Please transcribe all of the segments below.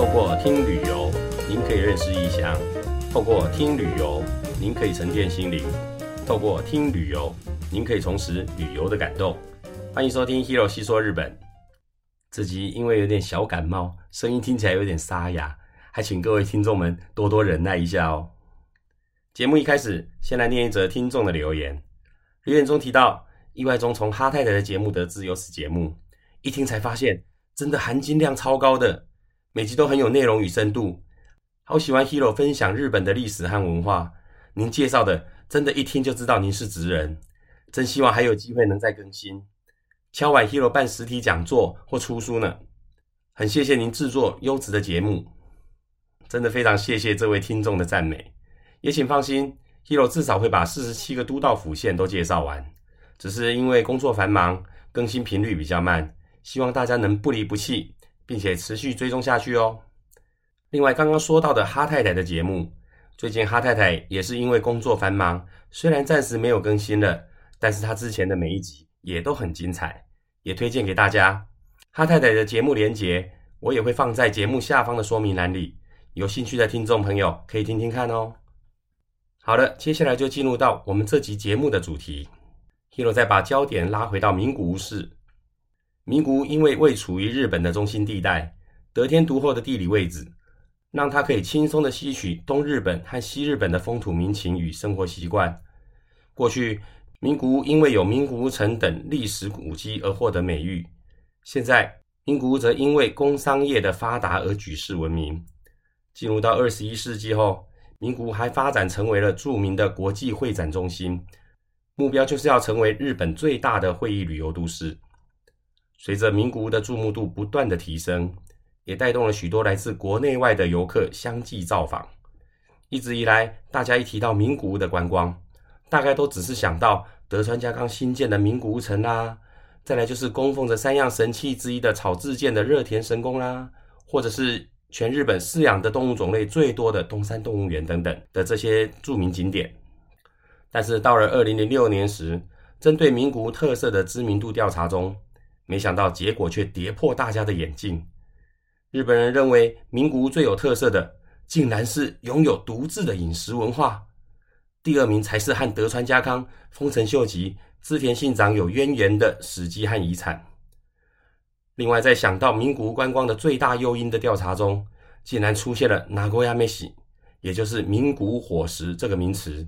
透過聽旅遊，您可以認識異鄉；透過聽旅遊，您可以沉澱心靈；透過聽旅遊，您可以重拾旅遊的感動。歡迎收聽《Hero 細說日本》。這集因為有點小感冒，聲音聽起來有點沙啞，還請各位聽眾們多多忍耐一下哦。節目一開始，先來念一則聽眾的留言。留言中提到，意外中從哈太太的節目得知有此節目，一聽才發現，真的含金量超高的。每集都很有內容與深度，好喜歡 Hero 分享日本的歷史和文化。您介紹的真的一聽就知道您是職人，真希望還有機會能再更新。敲碗 Hero 辦實體講座或出書呢，很謝謝您制作優質的節目，真的非常謝謝這位聽眾的讚美。也請放心，Hero 至少會把四十七個都道府縣都介紹完，只是因為工作繁忙，更新頻率比較慢，希望大家能不離不棄。並且持續追蹤下去哦。另外，剛剛說到的哈太太的節目，最近哈太太也是因為工作繁忙，雖然暫時沒有更新了，但是她之前的每一集也都很精彩，也推薦給大家。哈太太的節目連結我也會放在節目下方的說明欄裡，有興趣的聽眾朋友可以聽聽看哦。好了，接下來就進入到我們這集節目的主題。Hiro 再把焦點拉回到名古屋市。名古屋因為位處於日本的中心地帶，得天獨厚的地理位置，讓它可以輕鬆的吸取東日本和西日本的風土民情與生活習慣。過去，名古屋因為有名古屋城等歷史古蹟而獲得美譽，現在名古屋則因為工商業的發達而舉世聞名。進入到二十一世紀後，名古屋還發展成為了著名的國際會展中心，目標就是要成為日本最大的會議旅遊都市。隨着名古屋的注目度不斷的提升，也帶動了許多來自國內外的遊客相繼造訪。一直以來，大家一提到名古屋的觀光，大概都只是想到德川家康新建的名古屋城啦、啊，再來就是供奉着三樣神器之一的草薙劍的熱田神宮啦、啊，或者是全日本飼養的動物種類最多的東山動物園等等的這些著名景點。但是到了二零零六年時，針對名古屋特色的知名度調查中，沒想到結果卻跌破大家的眼鏡。日本人認為，名古屋最有特色的，竟然是擁有獨自的飲食文化。第二名才是和德川家康、豐臣秀吉、織田信長有淵源的史跡和遺產。另外，在想到名古屋觀光的最大誘因的調查中，竟然出現了 “Nagoya Meshi” 也就是名古屋伙食這個名詞，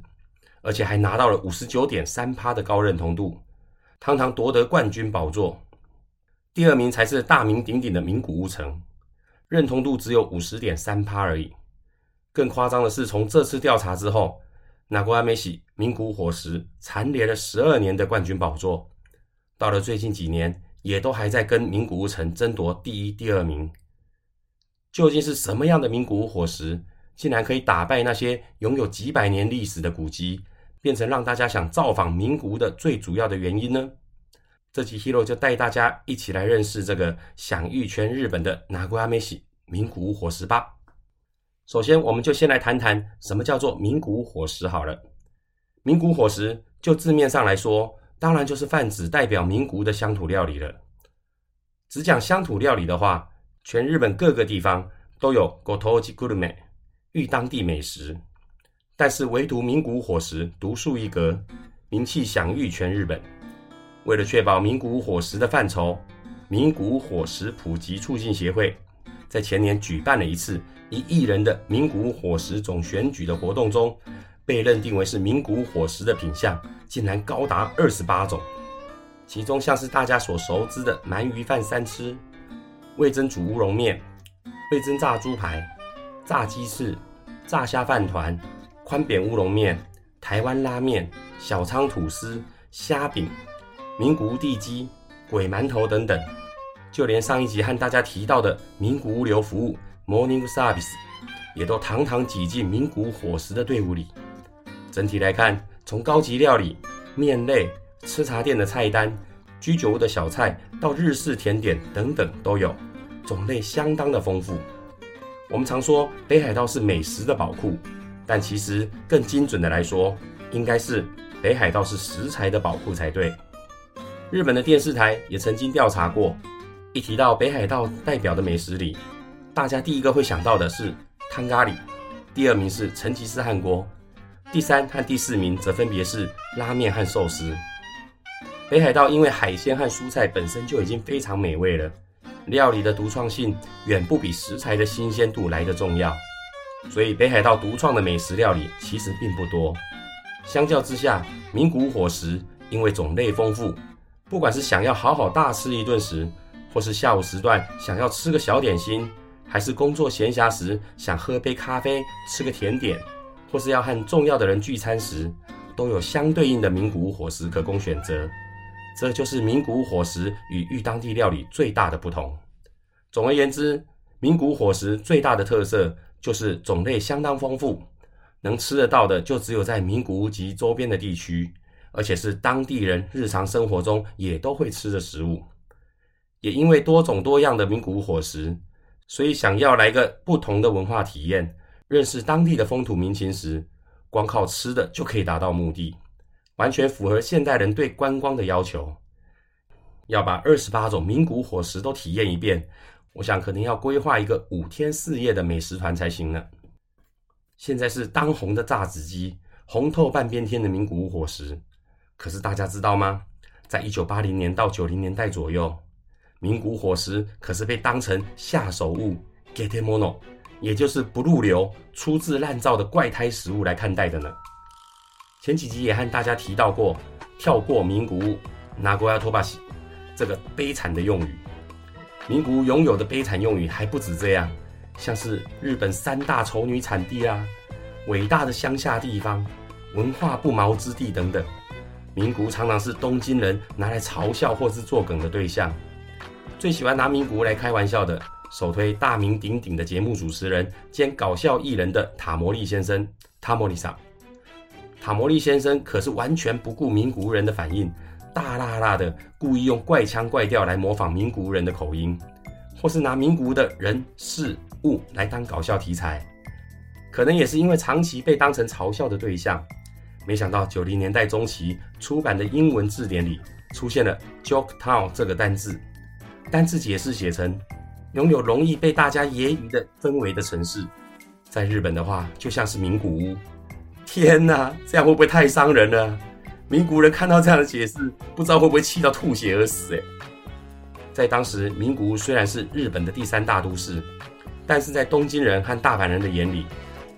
而且還拿到了五十九點三趴的高認同度，堂堂奪得冠軍寶座。第二名才是大名鼎鼎的名古屋城，認同度只有五十點三趴而已。更誇張的是，從這次調查之後，那國阿美喜名古屋火石蟬聯了十二年的冠軍寶座，到了最近幾年也都還在跟名古屋城爭奪第一、第二名。究竟是什麼樣的名古屋火石，竟然可以打敗那些擁有幾百年歷史的古跡，變成讓大家想造訪名古屋的最主要的原因呢？這集 Hero 就帶大家一起來認識這個享譽全日本的 Nagoya meshi 名古屋伙食吧。首先，我們就先來談談什麼叫做名古屋伙食好了。名古屋伙食就字面上來說，當然就是泛指代表名古屋的鄉土料理了。只講鄉土料理的話，全日本各個地方都有 Gotochi Gourmet，遇當地美食。但是唯獨名古屋伙食獨樹一格，名氣享譽全日本。為了確保名古屋伙食的範疇，名古屋伙食普及促進協會在前年舉辦了一次一億人的名古屋伙食總選舉的活動中，被認定為是名古屋伙食的品項竟然高達二十八種，其中像是大家所熟知的鰻魚飯三吃、味噌煮烏龍麵、味噌炸豬排、炸雞翅、炸蝦飯糰、寬扁烏龍麵、台灣拉麵、小倉吐司、蝦餅。名古屋地雞、鬼饅頭等等，就連上一集和大家提到的名古屋流服務 （Morning Service） 也都堂堂擠進名古屋伙食的隊伍裡。整體來看，從高級料理、面類、吃茶店的菜單、居酒屋的小菜到日式甜點等等都有，種類相當的豐富。我們常說北海道是美食的寶庫，但其實更精準的來說，應該是北海道是食材的寶庫才對。日本的電視台也曾經調查過，一提到北海道代表的美食裡，大家第一個會想到的是湯咖喱，第二名是成吉思汗鍋，第三和第四名則分別是拉麵和壽司。北海道因為海鮮和蔬菜本身就已經非常美味了，料理的獨創性遠不比食材的新鮮度來得重要，所以北海道獨創的美食料理其實並不多。相較之下，名古火食因為種類豐富。不管是想要好好大吃一頓時，或是下午時段想要吃個小點心，還是工作閒暇時想喝杯咖啡、吃個甜點，或是要和重要的人聚餐時，都有相對應的名古屋伙食可供選擇。這就是名古屋伙食與御當地料理最大的不同。總而言之，名古屋伙食最大的特色就是種類相當豐富，能吃得到的就只有在名古屋及周邊的地區。而且是當地人日常生活中也都會吃的食物，也因為多種多樣的名古屋伙食，所以想要來個不同的文化體驗，認識當地的風土民情時，光靠吃的就可以達到目的，完全符合現代人對觀光的要求。要把二十八種名古屋伙食都體驗一遍，我想可能要規劃一個五天四夜的美食團才行呢。現在是當紅的炸子雞，紅透半邊天的名古屋伙食。可是大家知道嗎？在一九八零年到九零年代左右，名古屋飯可是被當成下手物 getemono，也就是不入流、粗製濫造的怪胎食物來看待的呢。前幾集也和大家提到過，跳過名古屋 nagoya tobashi 這個悲慘的用語，名古屋擁有的悲慘用語還不止這樣，像是日本三大醜女產地啊、偉大的鄉下地方、文化不毛之地等等。民國常常是東京人拿來嘲笑或是作梗的對象，最喜歡拿民國來開玩笑的，首推大名鼎鼎的節目主持人兼搞笑藝人的塔摩利先生（塔摩利さ塔摩利先生可是完全不顧民國人的反應，大大剌，剌的故意用怪腔怪調來模仿民國人的口音，或是拿民國的人事物來當搞笑題材。可能也是因為長期被當成嘲笑的對象。沒想到九零年代中期出版的英文字典裡出現了 “Joke Town” 這個單字，單字解釋寫成擁有容易被大家揶揄的氛圍的城市。在日本的話，就像是名古屋。天哪，這樣會不會太傷人了，啊？名古屋人看到這樣的解釋，不知道會不會氣到吐血而死，欸？在當時，名古屋雖然是日本的第三大都市，但是在東京人和大阪人的眼裡，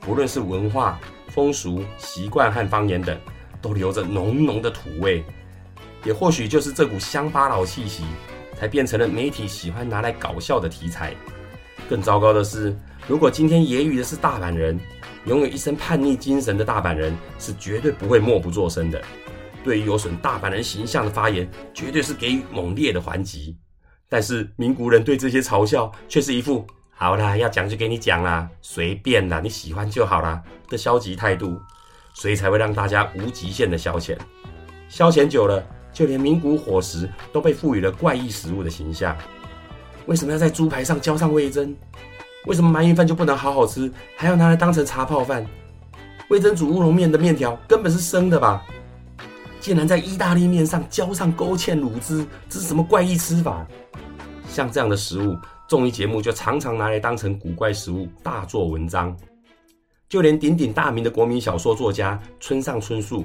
不論是文化、風俗習慣和方言等，都留着濃濃的土味，也或許就是這股鄉巴佬氣息，才變成了媒體喜歡拿來搞笑的題材。更糟糕的是，如果今天揶揄的是大阪人，擁有一身叛逆精神的大阪人是絕對不會默不作聲的，對於有損大阪人形象的發言，絕對是給予猛烈的還擊。但是名古屋人對這些嘲笑，卻是一副。好啦，要講就給你講啦，隨便啦，你喜歡就好啦。的消極態度，所以才會讓大家無極限的消遣。消遣久了，就連名古屋食都被賦予了怪異食物的形象。為什麼要在豬排上澆上味噌？為什麼鰻魚飯就不能好好吃，還要拿來當成茶泡飯？味噌煮烏龍麵的麵條根本是生的吧？竟然在意大利麵上澆上勾芡滷汁，這是什麼怪異吃法？像這樣的食物。綜藝節目就常常拿來當成古怪食物大做文章，就連鼎鼎大名的國民小說作家村上春樹，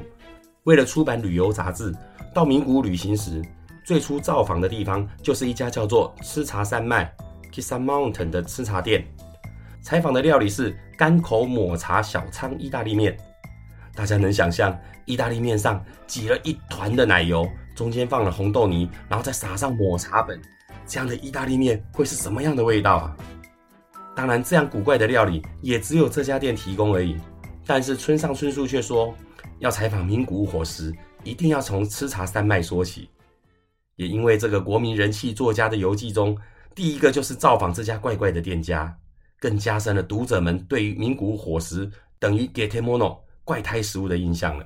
為了出版旅遊雜誌，到名古屋旅行時，最初造訪的地方就是一家叫做“吃茶山脈 ”（Kissa Mountain） 的吃茶店。採訪的料理是甘口抹茶小倉意大利麵。大家能想象，意大利麵上擠了一團的奶油，中間放了紅豆泥，然後再撒上抹茶粉。這樣的意大利麵會是什麼樣的味道啊？當然，這樣古怪的料理也只有這家店提供而已。但是村上春樹卻說，要採訪名古屋伙食，一定要從吃茶山脈說起。也因為這個國民人氣作家的遊記中，第一個就是造訪這家怪怪的店家，更加深了讀者們對於名古屋伙食等於 getemono 怪胎食物的印象了。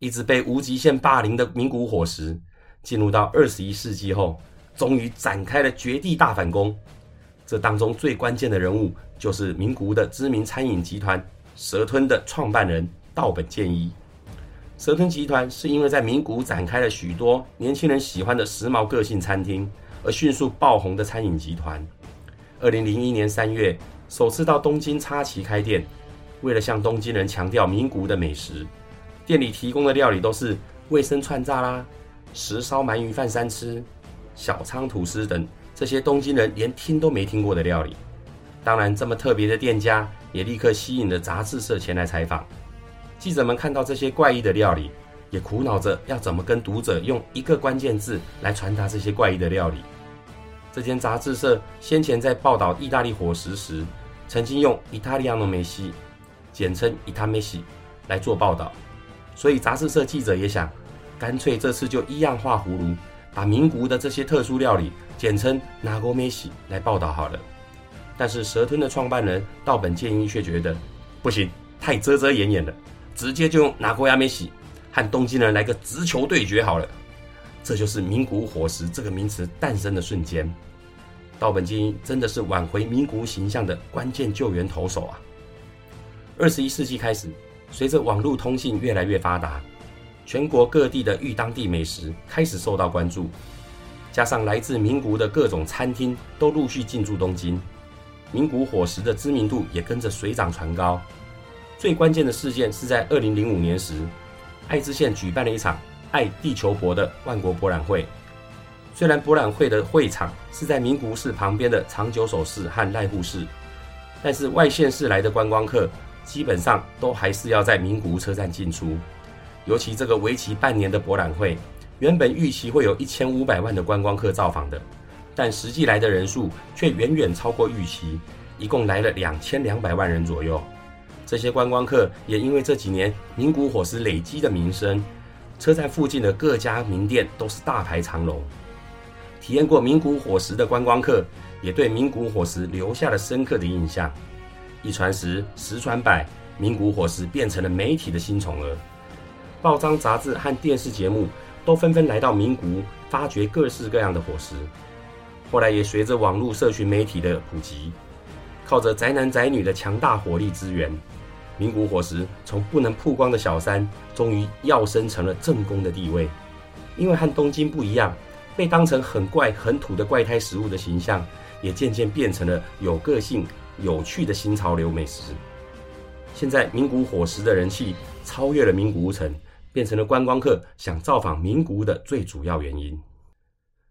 一直被無極限霸凌的名古屋伙食，進入到二十一世紀後，終於展開了絕地大反攻。這當中最關鍵的人物就是名古屋的知名餐飲集團蛇吞的創辦人道本健一。蛇吞集團是因為在名古屋展開了許多年輕人喜歡的時髦個性餐廳，而迅速爆紅的餐飲集團。二零零一年三月，首次到東京插旗開店。為了向東京人強調名古屋的美食，店裡提供的料理都是衛生串炸啦、石燒鰻魚飯三吃。小倉吐司等這些東京人連聽都沒聽過的料理，當然這麼特別的店家也立刻吸引了雜誌社前來採訪。記者們看到這些怪異的料理，也苦惱着要怎麼跟讀者用一個關鍵字來傳達這些怪異的料理。這間雜誌社先前在報道意大利伙食時，曾經用“意大利諾梅西”（簡稱“意大梅西”）來做報道，所以雜誌社記者也想，乾脆這次就一樣畫葫蘆。把名古屋的這些特殊料理簡稱“拿國美喜”來報道好了，但是蛇吞的創辦人道本健一卻覺得不行，太遮遮掩掩掩了，直接就用“拿國鴨美喜”和東京人來個直球對決好了。這就是“名古屋火食”這個名詞誕生的瞬間。道本健一真的是挽回名古屋形象的關鍵救援投手啊！二十一世紀開始，隨着網絡通信越來越發達。全國各地的御當地美食開始受到關注，加上來自名古屋的各種餐廳都陸續進駐東京，名古屋伙食的知名度也跟着水漲船高。最關鍵的事件是在二零零五年時，愛知縣舉辦了一場愛地球博的萬國博覽會。雖然博覽會的會場是在名古屋市旁邊的長久手市和賴戶市，但是外縣市來的觀光客基本上都還是要在名古屋車站進出。尤其這個為期半年的博覽會，原本預期會有一千五百萬的觀光客造訪的，但實際來的人數卻遠遠超過預期，一共來了兩千兩百萬人左右。這些觀光客也因為這幾年名古火食累積的名聲，車站附近的各家名店都是大排長龍。體驗過名古火食的觀光客也對名古火食留下了深刻的印象，一傳十，十傳百，名古火食變成了媒體的新寵兒。報章、雜誌和電視節目都紛紛來到名古屋發掘各式各樣的伙食，後來也隨着網絡社群媒體的普及，靠着宅男宅女的強大火力資源，名古屋伙食從不能曝光的小三，終於躍升成了正宮的地位。因為和東京不一樣，被當成很怪很土的怪胎食物的形象，也漸漸變成了有個性、有趣的新潮流美食。現在名古屋伙食的人氣超越了名古屋城。變成了觀光客想造訪名古屋的最主要原因。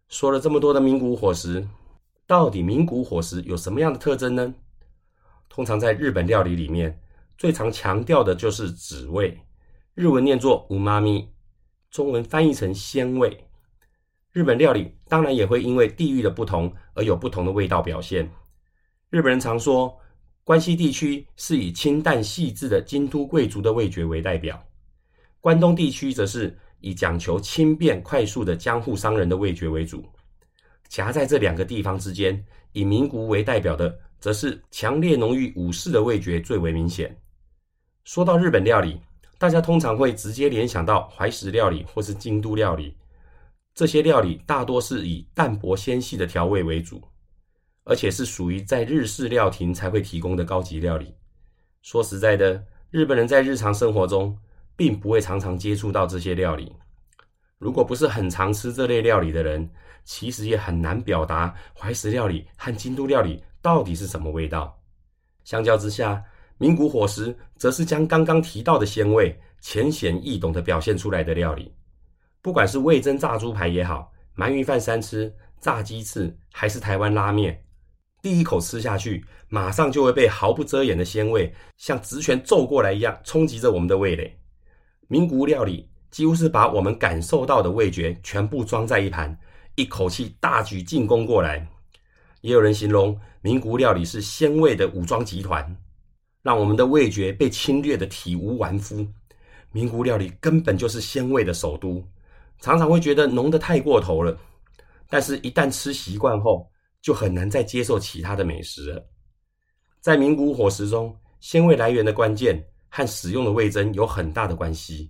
說了這麼多的名古屋伙食，到底名古屋伙食有什麼樣的特徵呢？通常在日本料理裡面，最常強調的就是滋味，日文念作 umami，中文翻譯成鮮味。日本料理當然也會因為地域的不同而有不同的味道表現。日本人常說，關西地區是以清淡細緻的京都貴族的味覺為代表。關東地區則是以講求輕便快速的江戶商人的味覺為主，夾在這兩個地方之間，以名古屋為代表的，則是強烈濃郁武士的味覺最為明顯。說到日本料理，大家通常會直接聯想到懷石料理或是京都料理，這些料理大多是以淡薄纖細的調味為主，而且是屬於在日式料亭才會提供的高級料理。說實在的，日本人在日常生活中，並不會常常接觸到這些料理。如果不是很常吃這類料理的人，其實也很難表達懷石料理和京都料理到底是什麼味道。相較之下，名古火食則是將剛剛提到的鮮味淺顯易懂地表現出來的料理。不管是味噌炸豬排也好，鰻魚飯三吃、炸雞翅還是台灣拉麵，第一口吃下去，馬上就會被毫不遮掩的鮮味像直拳揍過來一樣衝擊着我們的味蕾。名古屋料理幾乎是把我們感受到的味覺全部裝在一盤，一口氣大舉進攻過來。也有人形容名古屋料理是鮮味的武裝集團，讓我們的味覺被侵略得體無完膚。名古屋料理根本就是鮮味的首都，常常會覺得濃得太過頭了。但是，一旦吃習慣後，就很難再接受其他的美食了。在名古屋伙食中，鮮味來源的關鍵。和使用的味噌有很大的關係。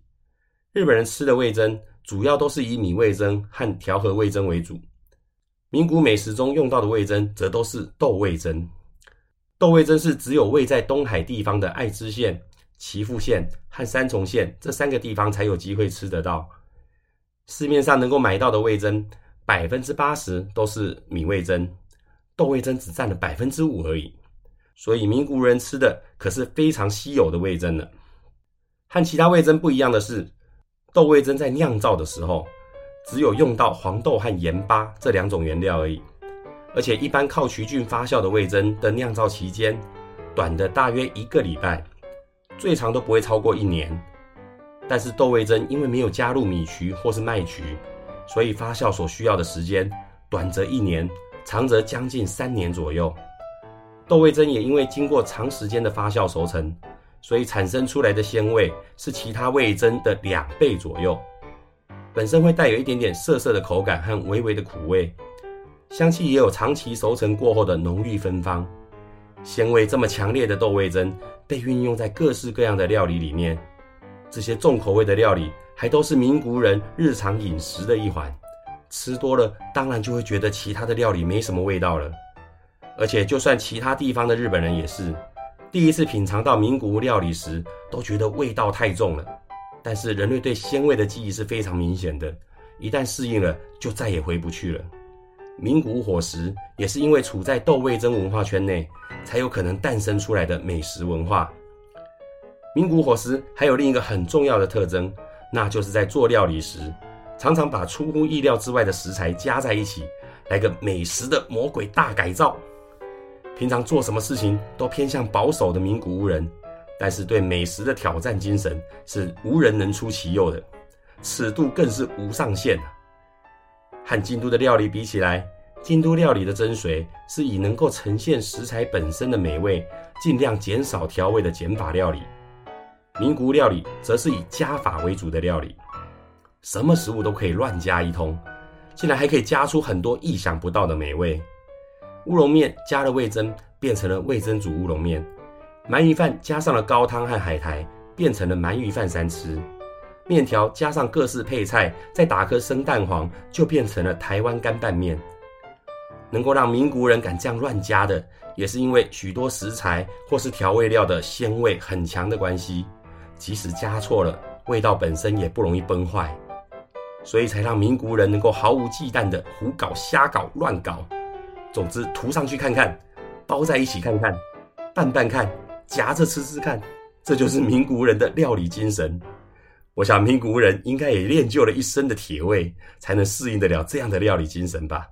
日本人吃的味噌主要都是以米味噌和調和味噌為主，名古美食中用到的味噌則都是豆味噌。豆味噌是只有位在東海地方的愛知縣、岐阜縣和三重縣這三個地方才有機會吃得到。市面上能夠買到的味噌，百分之八十都是米味噌，豆味噌只佔了百分之五而已。所以，名古屋人吃的可是非常稀有的味噌呢。和其他味噌不一樣的是，豆味噌在釀造的時候，只有用到黃豆和鹽巴這兩種原料而已。而且，一般靠麴菌發酵的味噌的釀造期間，短的大約一個禮拜，最長都不會超過一年。但是，豆味噌因為沒有加入米曲或是麥曲，所以發酵所需要的時間，短則一年，長則將近三年左右。豆味噌也因為經過長時間的發酵熟成，所以產生出來的鮮味是其他味噌的兩倍左右。本身會帶有一點點澀澀的口感和微微的苦味，香氣也有長期熟成過後的濃郁芬芳。鮮味這麼強烈的豆味噌被運用在各式各樣的料理裡面，這些重口味的料理還都是名古屋人日常飲食的一環。吃多了當然就會覺得其他的料理沒什麼味道了。而且，就算其他地方的日本人也是，第一次品嚐到名古屋料理時，都覺得味道太重了。但是，人類對鮮味的記憶是非常明顯的，一旦適應了，就再也回不去了。名古屋伙食也是因為處在豆味噌文化圈內，才有可能誕生出來的美食文化。名古屋伙食還有另一個很重要的特徵，那就是在做料理時，常常把出乎意料之外的食材加在一起，來個美食的魔鬼大改造。平常做什麼事情都偏向保守的名古屋人，但是對美食的挑戰精神是無人能出其右的，尺度更是無上限的。和京都的料理比起來，京都料理的精髓是以能夠呈現食材本身的美味，盡量減少調味的減法料理。名古屋料理則是以加法為主的料理，什麼食物都可以亂加一通，竟然還可以加出很多意想不到的美味。烏龍麵加了味噌，變成了味噌煮烏龍麵；鰻魚飯加上了高湯和海苔，變成了鰻魚飯三吃；麵條加上各式配菜，再打顆生蛋黃，就變成了台灣乾拌麵。能夠讓名古屋人敢這樣亂加的，也是因為許多食材或是調味料的鮮味很強的關係，即使加錯了，味道本身也不容易崩壞，所以才讓名古屋人能夠毫無忌憚的胡搞、瞎搞、亂搞。總之，塗上去看看，包在一起看看，拌拌看，夾着吃吃看，這就是名古屋人的料理精神。我想，名古屋人應該也練就了一身的鐵胃，才能適應得了這樣的料理精神吧。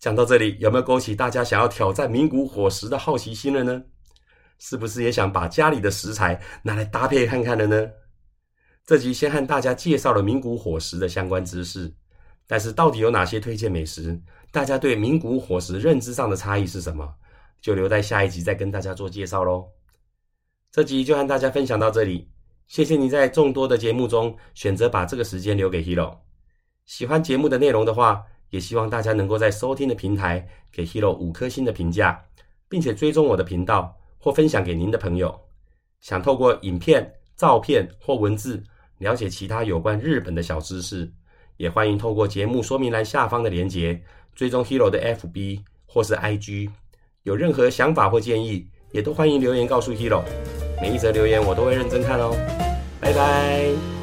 講到這裡，有沒有勾起大家想要挑戰名古屋夥食的好奇心了呢？是不是也想把家裡的食材拿來搭配看看了呢？這集先和大家介紹了名古屋夥食的相關知識，但是到底有哪些推薦美食？大家對名古火食認知上的差異是什麼？就留在下一集再跟大家做介紹嘍。這集就和大家分享到這裡，謝謝您在眾多的節目中選擇把這個時間留給 Hiro。喜歡節目的內容的話，也希望大家能夠在收聽的平台給 Hiro 五顆星的評價，並且追蹤我的頻道或分享給您的朋友。想透過影片、照片或文字了解其他有關日本的小知識，也歡迎透過節目說明欄下方的連結。追蹤 Hero 的 FB 或是 IG，有任何想法或建議，也都歡迎留言告訴 Hero。每一則留言我都會認真看哦，拜拜。